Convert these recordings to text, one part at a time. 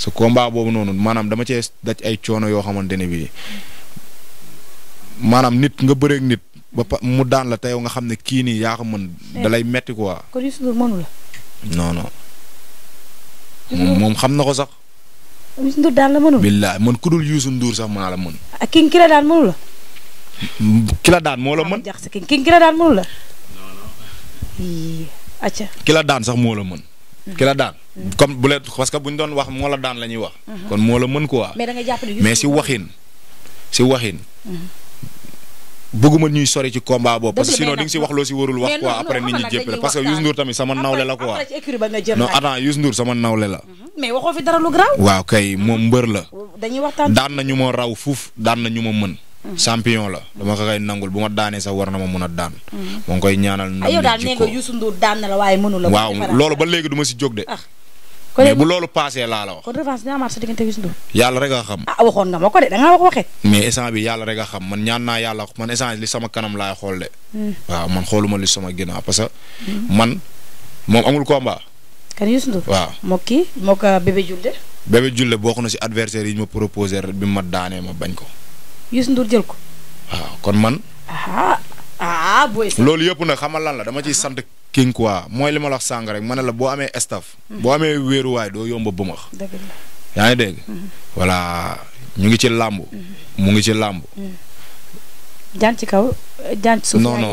sa combat boobu noonu maanaam dama cee ci ay coono yoo xamante ne bii maanaam nit nga bëreeg nit ba mu daan la tey nga xam ne kii nii yaa ko mën. Eh. dalay metti ko kon moom xam na ko sax. Youssou mën daan la mënul. billaay sax maa la mën. ak ah, ki la daan mënul la. ki la daan sax moo la mën. ki la daan. comme bu leen parce que bu ñu doon wax moo la daan la ñuy wax. Mhm. kon moo la mën quoi. mais da nga jàpp ne mais si waxin si waxin. Mhm. bëgguma ñuy sori ci combat boobu. parce que sinon di nga si wax loo si warul wax quoi après nit ñi jépp la parce que Youssou Ndour tamit sama nawle la quoi. non attends Youssou sama nawle la. Mhm. waaw kay moom mbër la. daan na ñu ma raw fuuf daan na ñu ma mën. champion la dama ko koy nangul bu ma daanee sax war na ma mun a daan. moo ngi koy ñaanal. ndam ah, li ci ko waaye mënu ba léegi du si jóg de. Ah. mais bu loolu paasee laa la wax. kon revanche sa diggante Youssou Ndour. yàlla rek a xam. ah waxoon nga ma ko de da wax waxee. mais instant bi yàlla rek a xam man ñaan naa yàlla man instant li sama kanam laay xool de. Hmm. waaw man xooluma li sama ginnaaw parce que. Hmm. man moom amul combat. kan Youssou Ndour. waaw moo kii moo ko euh, bébé Julle. bébé Julle bokk na si adversaire yi ñu ma proposé bi ma daanee ma bañ ko. Youssou Ndour jël ko. waaw kon man. Ah, loolu yëpp nag xamal lan la dama ciy sant king quoi mooy li ma la wax sàng rek ma na la boo amee staff. boo amee wéeruwaay doo yomba a bëmax. yaa ngi dégg. Mhm. voilà ñu ngi ci làmb. Mhm. mu ngi ci làmb. Mhm. jaan ci kaw jaan ci suuf. non non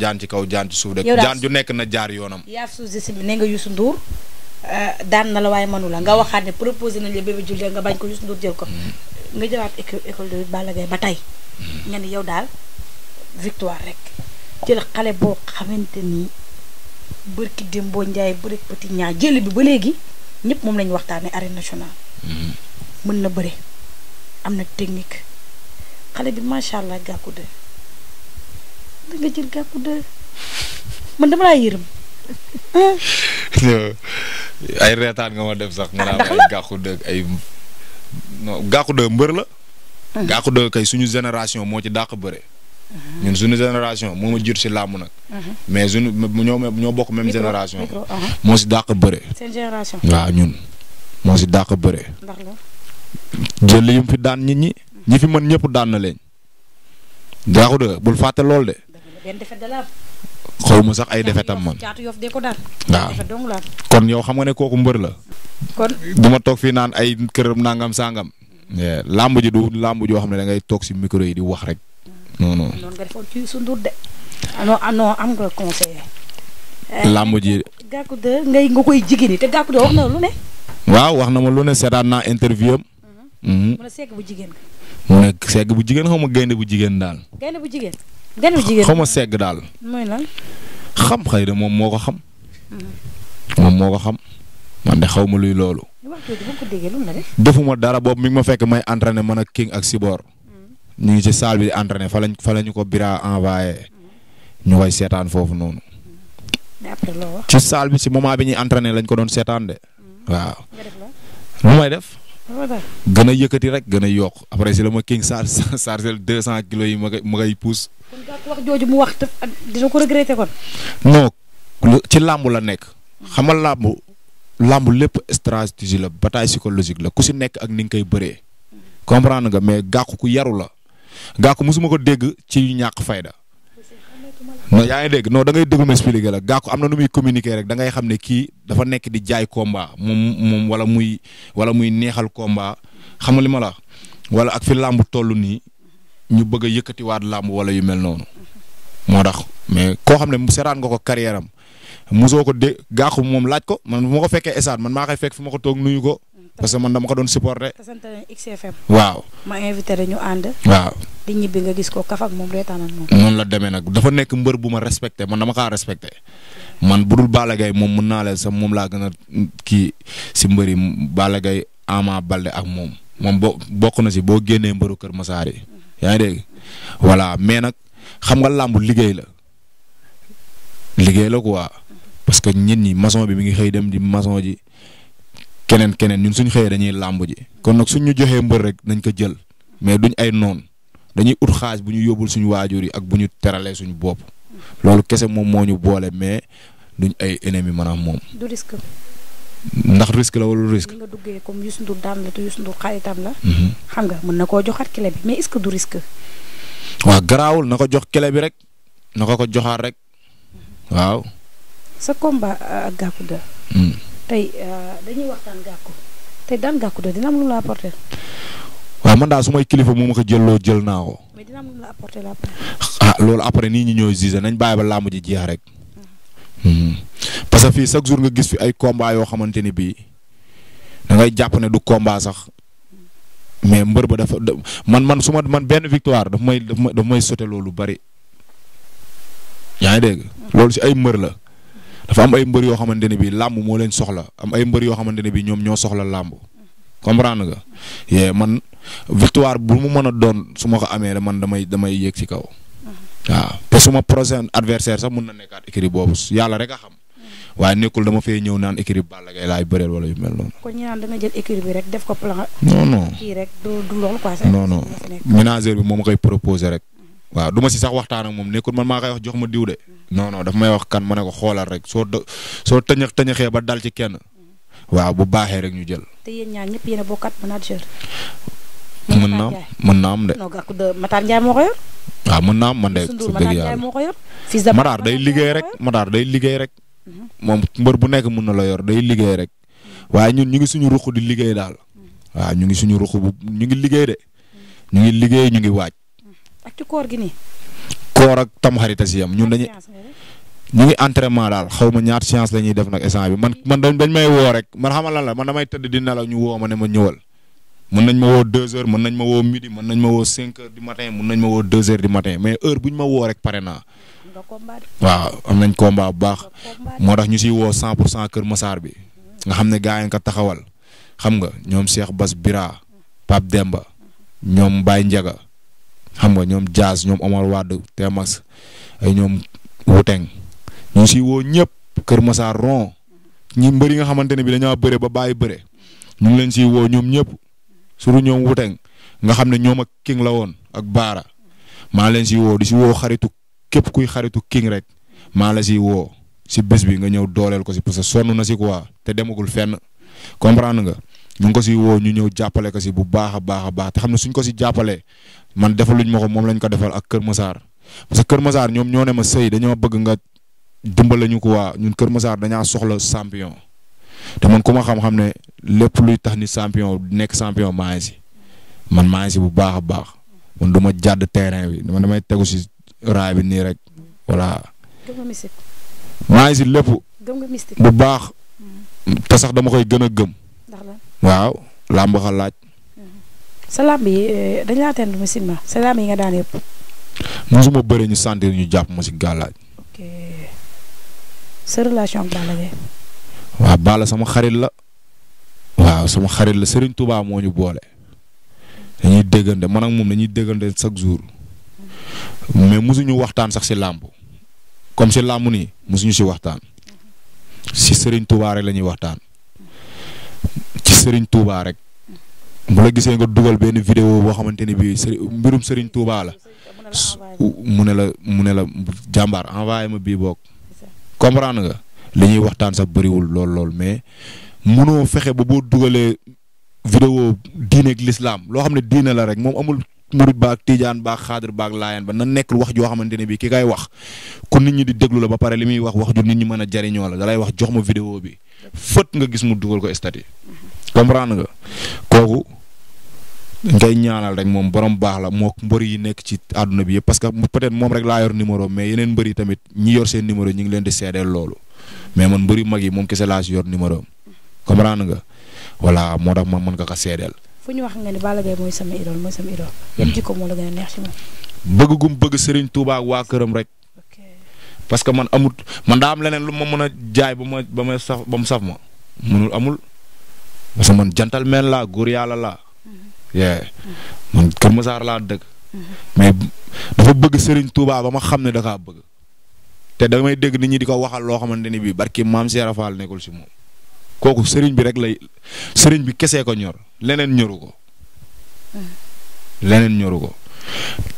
jaan kaw jaan ci suuf rek. ju nekk na jaar yoonam. yaa suuf si ne nga Youssou Ndour euh, daan na la waaye mënu la nga waxaat ne proposé nañ la bébé Diouldé nga bañ ko Youssou Ndour jël ko. nga jëlaat école de Balla Gaye ba tey. nga ni yow daal victoire rek. jël xale boo xamante ni bërki démboo njaay bëri petit ñaa jël bi ba léegi ñëpp moom la ñu waxtaanee arène nationale. Mhm. mën na bëre am na technique xale bi macha allah gàkku de da dama laa yërëm. ay reetaan nga ma def sax. Ah, nga naan ay gàkku de ay non gàkku de mbër la. gàkku de kay suñu génération moo ci dàq bëre. Mm-hmm. ñun sunu génération moom ma jur si làmb nag. Mm-hmm. mais suñu ñoo ñoo bokk même génération. Uh-huh. moo si dàq bëre. seen waaw ñun moo si dàq bëre. ndax la jël yu fi daan nit ñi. ñi fi mën ñëpp daan na leen. jaaxu de bul fàtte lool de. xaw ma sax ay defetam man. waaw kon yow xam nga ne kooku mbër la. kon du ma toog fii naan ay këram nangam sangam. làmb ji du làmb joo xam ne dangay ngay toog si micro yi di wax rek. non non. noonu ah ah am nga conseiller. Eh, làmb ji. de nga koy jigéen te gàkku de wax na lu ne. waaw ma lu ne seetaan naa mm-hmm. Mm-hmm. bu jigéen. mu ne segg bu jigéen xaw gaynde bu jigéen daal. gaynde segg daal. mooy lan. xam xëy na moom moo ko xam. Mm-hmm. moom moo ko xam. man de xaw ma luy loolu. defuma dara boobu mi ma fekk may entraîné man ak King ak Sibor. ñu ngi ci salle bi di fa lañ fa la ñu ko bira envoyé ñu koy seetaan foofu noonu. ci salle bi si moment bi ñuy entraîné lañ ko doon seetaan de. Mm. waaw. lu may def. gën a yëkkati rek gën a yokk après si la ma king sar sarcel deux cent kilos yi ma koy ma koy pousse. kon ci làmb la nekk. xam nga làmb lépp stratégie la bataille psychologique la ku si nekk ak ni nga koy bëree. Mm. comprendre nga mais gàqu ku yaru la. Gàkku mosuma ko dégg ci ñàkk fayda. non yaa ngi dégg non da ngay déglu ma expliqué la Gàkku am na nu muy communiquer rek da ngay xam ne kii dafa nekk di jaay combat moom moom wala muy wala muy neexal combat xam nga li ma la wala ak fi làmb toll nii ñu bëgg a yëkkatiwaat làmb wala yu mel noonu. moo tax mais koo xam ne seeraan nga ko carrière am mosoo ko dé Gàkku moom laaj ko man bu ma ko fekkee esaat man maa koy fekk ma ko toog nuyu ko. parce que man dama ko doon supporté. tasante nañ XFM. waaw ma invité rek ñu ànd. waaw di ñibbi nga gis ko kaf ak moom reetaan ak moom. la demee nag dafa nekk mbër bu ma respecté man dama kaa respecté man budul Balla Gaye moom mën naa leen sax moom laa gën a kii si mbër yi Balla Gaye Ama Baldé ak moom moom boo bokk na si boo génnee mbëru Kër Massar yi. yaa ngi dégg voilà mais nag xam nga làmbu liggéey la liggéey la waa parce que ñit ñi maçon bi mi ngi xëy dem di maçon ji. keneen keneen ñun suñ xëyee dañuy làmb ji kon nag suñ ñu joxee mbër rek nañ ko jël mais duñ ay noon dañuy ut xaaj bu yóbbul suñu waajur yi ak bu ñu teralee suñu bopp loolu kese moom moo ñu boole mais duñ ay ennemis maanaam moom. du risque. ndax risque la risque. nga duggee comme Youssou Ndour daan la te Youssou la. Mhm. xam nga mën na koo joxaat clé bi mais est-ce que waaw garaawul na ko jox kele bi rek na ko ko joxaat rek mhm. waaw. sa combat tey euh, dañuy waxtaan gàkku waaw man daal su may kilifa mu ma ko jëlloo jël naa ko. ah loolu après nii ñu ñëw gisé nañ bàyyi ba làmb ji jeex rek. Mm-hmm. Mm-hmm. parce que fii chaque jour nga gis fi ay combat yoo xamante ni bii da ngay jàpp ne du combat sax mais mbër ba dafa man man suma ma man benn victoire daf may daf may loolu lu bari yaa ngi dégg. Mm-hmm. loolu si ay mbër la. dafa am ay mbër yoo xamante ne bii làmb moo leen soxla am ay mbër yoo xamante ne bii ñoom ñoo soxla làmb comprendre nga yee man victoire bu mu mën a doon su ma ko amee man damay damay yéeg ci kaw waaw te suma prochain adversaire sax mën na nekkaat écurie boobu yàlla rek a xam waaye nekkul dama fee ñëw naan écurie Balla Gaye laay bëreel wala yu mel noonu. kon ñu naan da nga jël non non kii ménageur bi moom koy proposé rek. waaw du ma si sax waxtaan ak moom nekkul man ma koy wax jox ma diw de non non daf may wax kan ma ne ko xoolal rek soo soo tëñëx tëñëxee ba dal ci kenn waaw bu baaxee rek ñu jël. te yéen ñaar ñëpp yéen a mën naa am de. mën naa am man de. dëgg yàlla Matar day liggéey rek Matar day liggéey rek. moom mbër bu nekk mën na la yor day liggéey rek. waaye ñun ñu ngi suñu ruq di liggéey daal. Mhm. waaw ñu ngi suñu ruq bu ñu ngi liggéey de. Mhm. ñu ngi liggéey ñu ngi waaj. ak ci koor ak tam xarita si yam ñun dañuy ñu ngi entraînement daal xaw ma ñaat séance la ñuy def nag instant bi man man dañ may woo rek man xamal lan la man damay tëdd dina la ñu woo ma ne ma ñëwal. mën nañ ma woo deux heures mën nañ ma woo midi mën nañ ma woo cinq heures du matin mën nañ ma woo deux heures du matin mais heure bu ñu ma woo rek pare naa. waaw am nañ combat bu baax. moo tax ñu si woo cent pour cent Kër Massar bi. nga xam ne gaa yi nga taxawal. xam nga ñoom seex Bas Bira Pape Demba ñoom Baye Ndiaga xam nga ñoom Diaz ñoom Omar te Temax ay ñoom Wuteng ñu si woo ñëpp Kër Massar Ron ñi mbëri nga xamante ne bi dañoo bëre ba bàyyi bëre ñu ngi leen si woo ñoom ñëpp surtout ñoom Wuteng nga xam ne ñoom ak King la woon ak Baara maa leen siy woo di si woo xaritu képp kuy xaritu King rek maa la siy woo si bés bi nga ñëw dooleel ko si parce que sonn na si quoi te demagul fenn comprendre nga ñu ngi ko si woo ñu ñëw jàppale ko si bu baax a baax a baax te xam ne suñ ko si jàppalee man defaluñ ma ko moom lañ ko defal ak Kër Massar parce que Kër Massar ñoom ñoo ne ma sëy dañoo bëgg nga dimbale ñu ko waa ñun Kër Massar dañaa soxla champion te man ku xam-xam ne lépp luy tax ni champion nekk sampion maa si man maa ngi si bu baax a baax man du ma jàdd terrain bi man damay tegu si raay bi nii rek voilà. gëm maa ngi si lépp. bu baax. Mm. te sax dama koy gën a gëm. waaw làmb xa sa làmb yi eh, dañ laa tënd musulma sa làmb yi nga daan yëpp. mosuma bëri ñu sentir ñu jàpp ma si gàllaaj. ok waaw Balla sama xarit la. waaw sama xarit la Serigne Touba moo ñu boole. dañuy déggante man ak moom dañuy déggante chaque jour. mais mosuñu waxtaan sax si làmb. comme si làmb nii mosuñu si waxtaan. si Serigne Touba rek la ñuy waxtaan. ci Serigne tuubaa rek. bu la gisee nga dugal benn vidéo boo xamante ni bii mbirum Serigne Touba la mu ne la mu ne la jàmbaar envoyé ma bii boog comprendre nga li ñuy waxtaan sax bëriwul lool lool mais mënoo fexe ba boo dugalee vidéo diine ak lislaam loo xam ne diine la rek moom amul murit baag tiijaan baag xaadir baag laayaan ba na nekk wax joo xamante ne bii ki kay wax ku nit ñi di déglu la ba pare li muy wax wax ju nit ñi mën a jariñoo la dalay wax jox ma vidéo bi fët nga gis mu dugal ko statut dañ koy ñaanal rek moom borom baax la moo mbër yi nekk ci àdduna bi yëpp parce que peut-être moom rek laa yor numéro mais yeneen mbër yi tamit ñi yor seen numéro ñu ngi leen di seedeel loolu mais man mbëri mag yi moom kese laa si yor numéro comprendre nga moo tax man mën nga ko seedeel. fu ñu wax nga hmm. bëgg gum bëgg waa këram rek. parce que man amut man daa am leneen lu ma mën a jaay ba ma ba ma saf ba mu saf ma. mënul amul parce que man gentleman laa góor yàlla laa. yee mm-hmm. man Kër Masaar laa dëkk. Mm-hmm. mais dafa bëgg Serigne Touba ba ma xam ne daka bëgg. te damay dégg nit ñi di ko waxal loo xamante ni bii barki maam Seera Fall nekkul si moom kooku sëriñ bi rek lay sëriñ bi kesee ko ñor leneen ñoru ko. Mm-hmm. leneen ñoru ko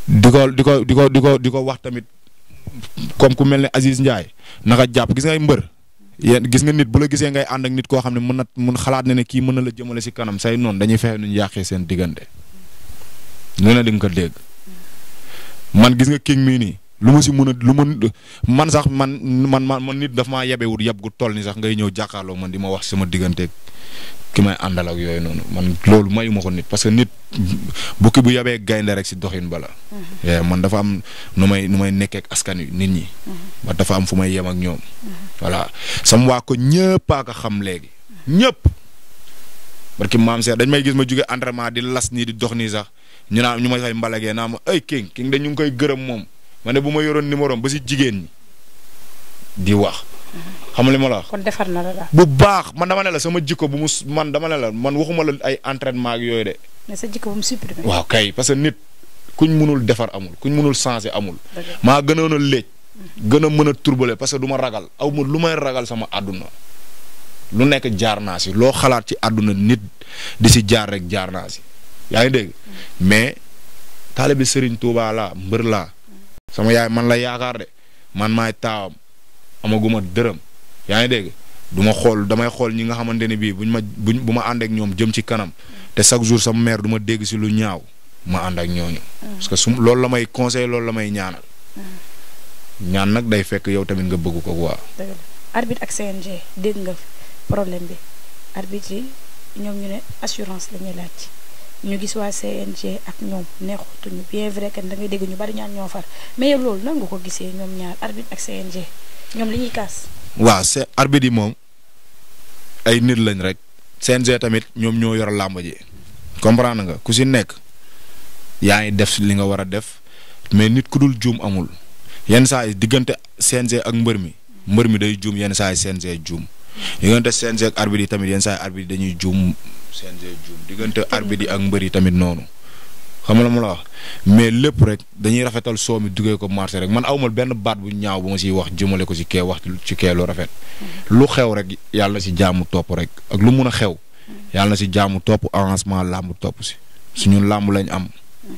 di ko di ko di ko di ko di ko wax tamit comme ku mel ne Aziz Ndiaye naka jàpp gis ngay mbër yéen gis nga nit bu la gisee ngay ànd ak nit koo xam ne mën na mun xalaat na ne kii mën na la jëmale si kanam say noonu dañuy fexe nu ñu yàqee seen diggante. lu ne ko dégg man gis nga king mii nii lu ma si mun a lu ma man sax man man man nit daf maa yebewut yeb gu toll ni sax ngay ñëw jàkkaaloo man di ma wax sama digganteeg ki may àndal yooyu noonu man loolu mayu ma ko nit parce que nit bukki bu yabee gaynde rek si dox doxin bala mhm. man dafa am nu may nu may nekkee askan wi nit ñi. Mhm. ba dafa am fu may yem ak ñoom. Mhm. voilà sama waa ko ñëpp a xam léegi. ñëpp parce que maam Seex dañ may gis ma jóge entraînement di las nii di dox nii sax ñu naan ñu may fay mbalagee naa ma ay king king dañ ñu ngi koy gërëm moom ma ne bu ma yoroon numéro ba si jigéen ñi di wax. xam li ma la kon defar na la daal bu baax man dama ne la sama jikko bu mu man dama ne la man waxuma la ay entraînement ak yooyu de. mais sa jikko waaw kay parce que nit kuñ mënul defar amul kuñ mënul changer amul. maa gën a léej. Mm. gën a mën a turbale parce que du ragal aw ma lu may ragal sama àdduna. lu nekk jaar naa si loo xalaat ci àdduna nit di si jaar rek jaar naa si yaa ngi dégg mm. mais taalibe Serigne Touba laa mbër laa mm. sama yaay man la yaakaar de man maay taawam. amaguma dërëm yaa ngi dégg du ma xool damay xool ñi nga xamante ne bii buñ ma bu ma ànd ak ñoom jëm ci kanam te chaque jour sama mère du ma dégg si lu ñaaw ma ànd ak ñooñu. Mm. parce que su loolu la may conseil loolu la may ñaanal. Mm. ñaan nag day fekk nga bëgg ko waa. arbitre ak CNG dégg nga problème bi arbitre yi ñoom ñu ne assurance la ñuy laaj ñu gis waa CNG ak ñoom neexutuñu bien vrai que da ñoo far mais loolu nan ko gisee ñoom ñaar arbitre ak CNG. ñoom li ñuy c'est arbitre yi moom ay nit lañ rek CNG tamit ñoom ñoo yor làmb ji comprendre nga ku si nekk yaa ngi def li nga war a def mais nit ku dul juum amul yenn saa yi diggante CNG ak mbër mi mbër mi day juum yenn saa yi CNG juum diggante CNG ak arbitre yi tamit yenn saa yi arbitre yi dañuy juum CNG juum diggante arbitre yi ak mbër yi tamit noonu. xam la mu la wax mais lépp rek dañuy rafetal soo mi duggee ko marché rek man awmal benn baat bu ñaaw bu ma siy wax jëmale ko si kee wax ci kee lu rafet mm-hmm. lu xew rek yàlla si jaamu topp rek ak lu mun a xew mm-hmm. yàlla si jaamu topp avancement làmb topp si su ñun làmb lañ am mm-hmm.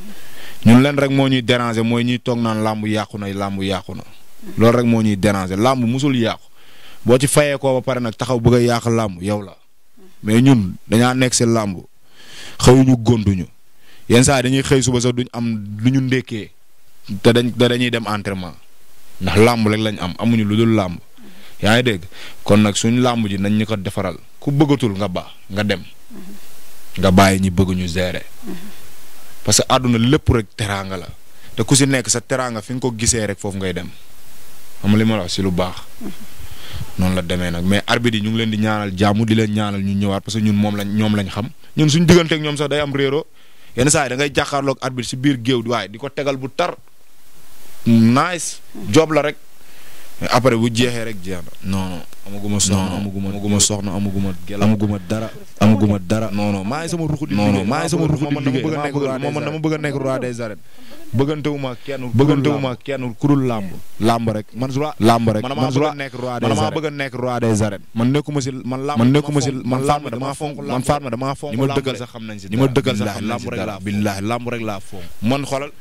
ñun leen rek moo ñuy déranger mooy ñuy toog naan làmb yàqu na làmb yàqu na loolu rek moo ñuy déranger làmb musul yàqu boo ci fayee koo ba pare nag taxaw bëgg a yàq làmb yow la mais ñun dañaa nekk si làmb xëyuñu gónduñu yenn saa dañuy xëy suba sax duñ am lu ñu ndékkee te dañ te dañuy dem entraînement ndax làmb rek lañ am amuñu lu dul làmb yaa ngi dégg kon nag suñu làmb ji nañ ñu ko defaral ku bëggatul nga ba nga dem nga bàyyi ñu bëgg ñu gérer parce que àdduna lépp rek teraanga la te ku si nekk sa teraanga fi nga ko gisee rek foofu ngay dem xam li ma la si lu baax. noonu la demee nag mais arbitre yi ñu ngi leen di ñaanal jàmm di leen ñaanal ñu ñëwaat parce ñun moom lañ ñoom lañ xam ñun suñ digganteeg ñoom sax day am réero yenn saa yi da ngay jàkkaarloog arbitre si biir géew waaye di ko tegal bu tar nice hmm. job la rek après bu jeexee rek jeex na amaguma soxna amaguma amaguma soxna amaguma gel amaguma dara amaguma dara non non maa ngi sama ruxu di non non maa ngi sama ruxu di liggéey moom man dama bëgg a nekk roi des arènes bëggantewuma kenn bëggantewuma kenn kurul làmb làmb rek man su làmb rek man su nekk roi des arènes man maa bëgg a nekk roi des arènes man nekkuma si man làmb man nekkuma si man làmb damaa fonk man farma damaa fonk li ma dëggal sax xam nañ si li ma dëggal sax làmb rek laa billaahi làmb rek laa fonk man xoolal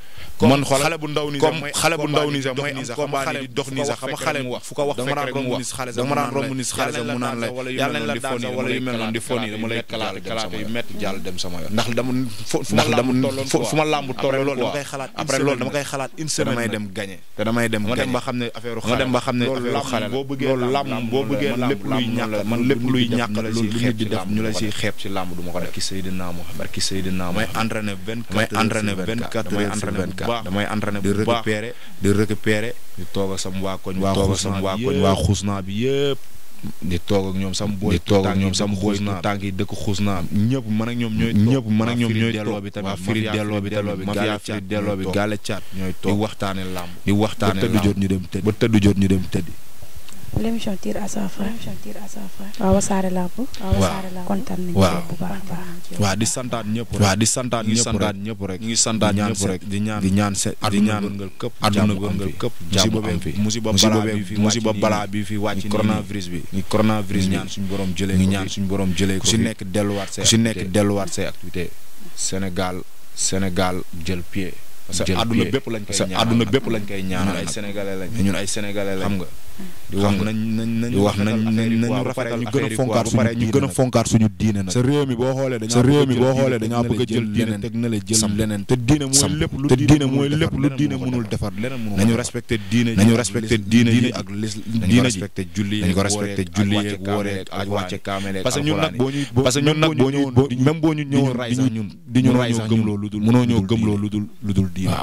man xoolal xale bu ndaw nii sax xale bu ndaw nii sax mooy am combat di dox nii sax xam xale mu wax fu ko wax fekk rek mu wax romb ni xaalis mu naan la yàlla yu mel di fon yi dama lay kalaate yu métti jàll dem sama yoon ndax dama fu ma làmb tolloo loolu dama koy xalaat après loolu dama damay dem gagné te damay dem gagné boo bëggee làmb boo bëggee lépp luy ñàkk man lépp luy ñàkk la lu nit ci làmb du ko def ki Seydina Mohamed ki Seydina Mohamed may entraîné vingt quatre heures damay entraîné vingt quatre heures damay entraîné bu baax di récupérer di récupérer di toog ak sam waa koñ. waa xusnaa bi yëpp waa xusnaa bi yëpp. di toog ak ñoom sama booy. di toog ak ñoom sam booy tànk yi dëkk xusnaa. ñëpp man ak ñoom ñooy. ñëpp man ak ñoom ñooy delloo bi tamit. waa firi delloo bi tamit mafia firi delloo bi gaale caat ñooy toog di waxtaane làmb. di waxtaane làmb ba tëdd jot ñu dem tëdd. ba tëdd jot ñu dem tëdd. l'émission tire à sa fin waaw Wassare Lamb kontaan nañu bu baax baax waaw di santaan ñëpp waaw di santaat ñëpp rek ñu ngi santaat ñëpp rek di ñaan di ñaan di ñaan gëngal këpp àdduna gëngal këpp musiba bi musiba musiba balaa bi fi wàcc coronavirus bi ñu coronavirus ñaan suñu borom jëlee ñu ñaan suñu borom jëlee ko si nekk delluwaat say si nekk delluwaat say activité Sénégal Sénégal jël pied parce que àdduna bépp lañ koy ñaanal àdduna bépp lañ koy ñaanal ay sénégalais lañ ñun ay sénégalais lañ xam nga di wax nañ nañ nañ wax nañ ñu gën a fonkaat suñu ñu gën a fonkaat suñu diine nag sa réew mi boo xoolee dañoo sa réew mi jël leneen te diine mooy lépp lu diine mënul defar nañu respecté diine nañu respecté diine ji ak diine respecté nañu ko respecté julli yeeg wooree ak wàcce kaamele parce que ñun ñun nag boo ñu même boo ñu ñëwoon di ñu di ñoo gëm loo lu dul diine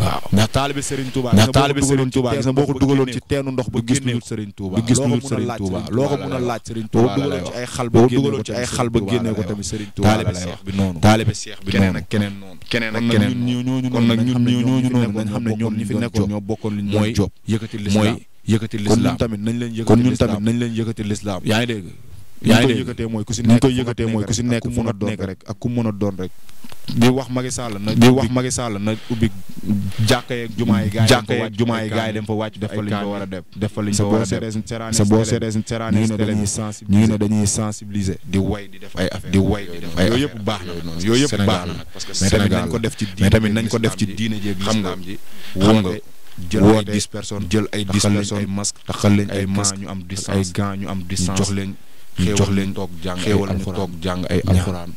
waaw ndax taalibe Serigne Touba ndax taalibe Serigne Touba gis nga boo ko dugaloon ci teenu ndox bu gis lu Serigne Touba du gis lu Serigne Touba loo ko mën a laaj Serigne Touba boo dugaloon xal ba dugaloon ci ay xal ba génnee ko tamit Serigne Touba taalibe Cheikh bi taalibe Cheikh bi keneen keneen noonu keneen ak keneen noonu kon nag ñun ñooñu noonu nañ xam ne ñoom ñi fi nekkoon ñoo bokkoon li ñu doon job yëkkati lislaam yëkkati lislaam kon ñun tamit nañ lislaam yaa ngi dégg yaa ngi koy yëkkatee mooy ku si nekk koy yëkkatee mooy ku si nekk mën a doon rek ak ku mën doon rek di wax Macky Sall na wax Macky Sall na ubbi jàkka yeeg jumaa yi gaay jàkka yeeg jumaa yi gaay yi dem fa wàcc def fa li ñu ko war a def def fa a def sa boo seetee suñ am distance xéewal ñu toog jàng xéewal ñu toog jàng ay alxuraan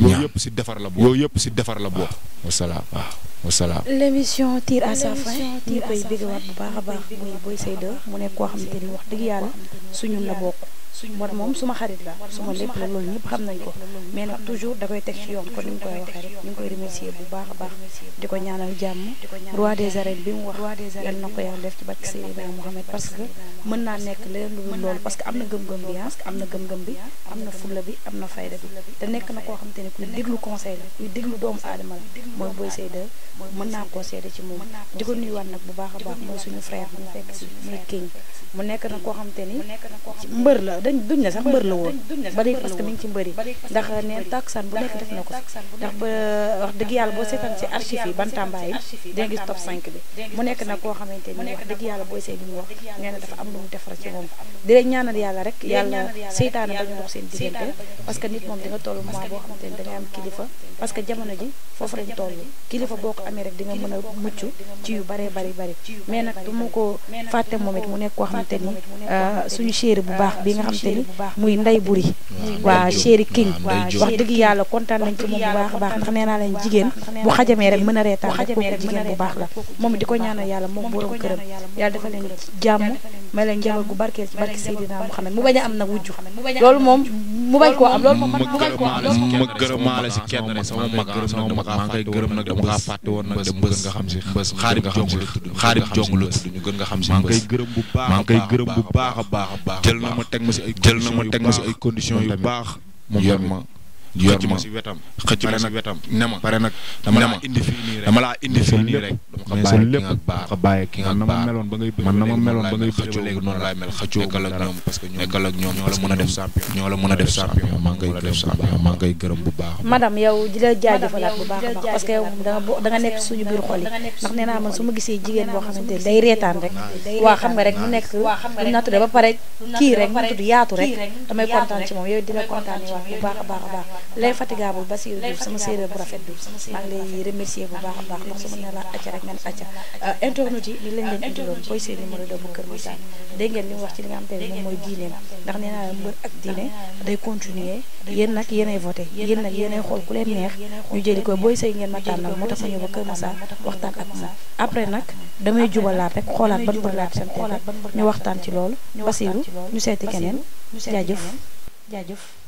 loolu yëpp si defar la boobu loolu yëpp si defar la boobu wasalaam waaw wasalaam l'émission tire à sa fin ñu koy bëgg waat bu baax a baax muy Boy Seye 2 mu nekk koo xamante ni wax dëgg yàlla suñun la bokk war moom suma xarit la suma lépp la loolu ñëpp xam nañ ko mais nag toujours da koy teg ci yoon kon ni mu koy waxee rek ñu koy remercier bu baax a baax di ko ñaanal jàmm roi des arènes bi mu wax yal na ko yàlla def ci barke Seydina Mohamed parce que mën naa bi ah nekk na koo xam te ne kuy déglu conseil la kuy déglu doomu aadama la mooy Boy Seyde mën naa conseiller ci moom di ko nuyuwaat nag bu baax a baax mooy suñu frère mu nekk na koo xam te ni mbër la dañ duñ ne sax mbër la woon bari parce que ngi ci mbëri ndax neen taksaan bu nekk def na ko ndax ba wax dëgg yàlla boo seetaan ci archive yi bantambaa yi dangay am kilifa parce jamono ji foofu lañ toll kilifa boo ko amee rek di mën a mucc ci yu bare bari bari mais nag du ma ko fàtte moom it mu nekk koo xamante ni suñu chéri bu baax bi nga xamante ni muy Ndeye Boury waa Chéri King wax dëgg yàlla kontaan nañ ci moom bu baax a baax ndax nee naa leen jigéen bu xajamee rek mën a reetaan rek kooku jigéen bu baax la moom di ko ñaanal yàlla moom borom këram yàlla dafa leen jàmm may leen jabar gu barkeel ci barke Seydina Muhammad mu bañ am nag wujju loolu moom mu bañ koo am mag mag maa gërëm nag dama kaa fàtte woon nag dem bës nga xam si bës xaarib jong la tudd xaarib nga xam gërëm bu baax baax a baax a baax jël na ma teg ma si ay jël na ma teg ma si ay conditions yu baax mu yor ma yor ma si la mën a def champion bu baax parce que yow da nekk suñu biir xol ndax nee man su gisee jigéen boo xamante day reetaan rek waa xam nga rek mu nekk lu naa ba pare kii rek mu tudd yaatu rek damay kontaan ci moom yow di kontaan yi wax bu baax a baax a baax lay fatigable Bassirou Diouf sama séeréer bu rafet bi maa ngi lay remercier bu baax a baax ndax sama ne la acca rek nga ne acca euh, internet yi li lañ leen indiloon booy seen numéro doomu kër Massar dégg ngeen li mu wax ci li nga xam te ne moom mooy diineem ndax nee naa mbër ak diine day continuer yéen nag yéenay voté yéen nag yéenay xool ku leen neex ñu jëli ko booy sëy ngeen ma tànnal moo tax ma ñëw ba kër Massar waxtaan ak moom après nag damay jubalaat rek xoolaat ban bër laa sant ñu waxtaan ci loolu Bassirou ñu seeti keneen jaajëf jaajëf